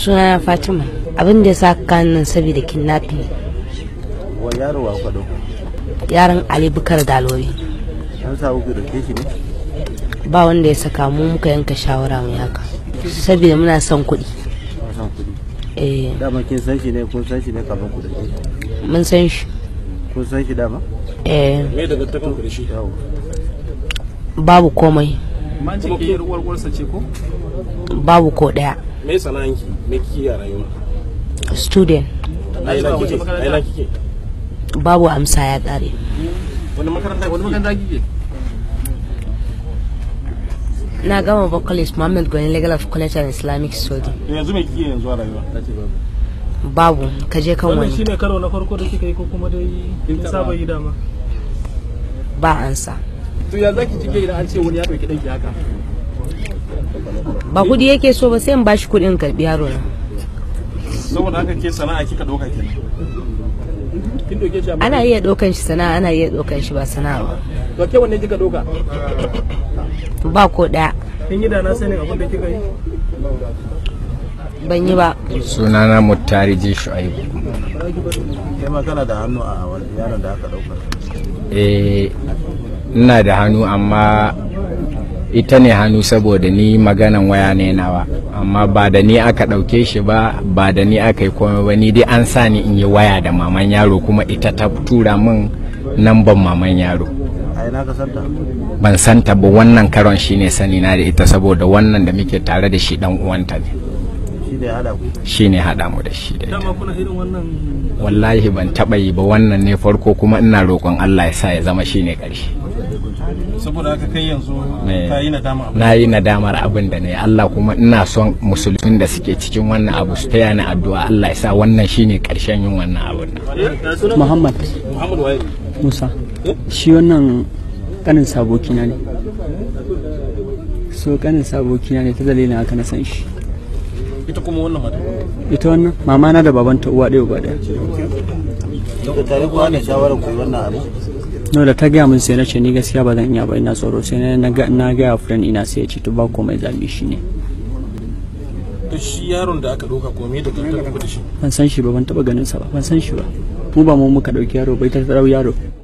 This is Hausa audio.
suna na fatima abin da ya sa kanin saboda kidnapping wa yaro wa yaron ali bukar dalori an sa ba wanda ya saka mu muka yanka shawara mu yaka saboda muna son kuɗi eh. dama kin san shi ne kun san shi ne kafin ku da mun san shi kun san shi dama eh me daga takan ku da babu komai man ce ke ruwar ce ko babu ko daya me sana'anki me kike a rayuwa student aina kike babu amsa ya tsare wani makaranta wani makaranta kike na gama ba college Muhammad Gwani Legal of College and Islamic Study yanzu me kike yanzu a rayuwa babu ka je kan wani shine karo na farko da kika yi ko kuma dai kin saba yi dama ba ansa to ya zaki cike idan an ce wani ya dauki danki haka ba kudi yake so ba sai in bashi kudin karbi yaro na saboda haka ke sana'a kika doka kenan ana iya dokan shi sana'a ana iya dokan shi ba sana'a ba to ke wanne kika doka ba ko daya kin yi da na sanin abin da kika yi ban yi ba sunana muttari ji shu'aibu kai magana da hannu a yaron da aka dauka eh ina da hannu amma ita ne hannu saboda ni maganan waya ne nawa amma ba da ni aka ɗauke shi ba ba da ni aka yi komai ba ni dai an sa ni in yi waya da maman yaro kuma ita ta tura min namban maman yaro ban santa ba wannan karon shine sani na da ita saboda wannan da muke tare da shi dan uwanta ne shi ne haɗa mu da shi da ita wallahi ban taɓa yi ba wannan ne farko kuma ina roƙon Allah ya sa ya zama shi ne ƙarshe saboda haka kai yanzu ka yi nadamar na yi nadamar abin da ne Allah kuma ina son musulmin da suke cikin wannan abu su taya ni addu'a Allah ya sa wannan shine karshen yin wannan abu Muhammad Muhammad Musa eh? shi wannan kanin sabokina ne so kanin sabokina ne ta dalilin haka na san shi ita kuma wannan mata ita wannan mama na da babanta uwa ɗaya uba ɗaya daga tare kuwa ne shawarar ku wannan abu no da ta gaya min sai na ce ni gaskiya ba zan iya ba ina tsoro sai na ga na ga friend ina sai ya ce to ba komai zabi shi ne to shi yaron da aka dauka komai da kanta da shi ban san shi ba ban taba ganin sa ba ban san shi ba mu ba mu muka dauki yaro bai ta tsarau yaro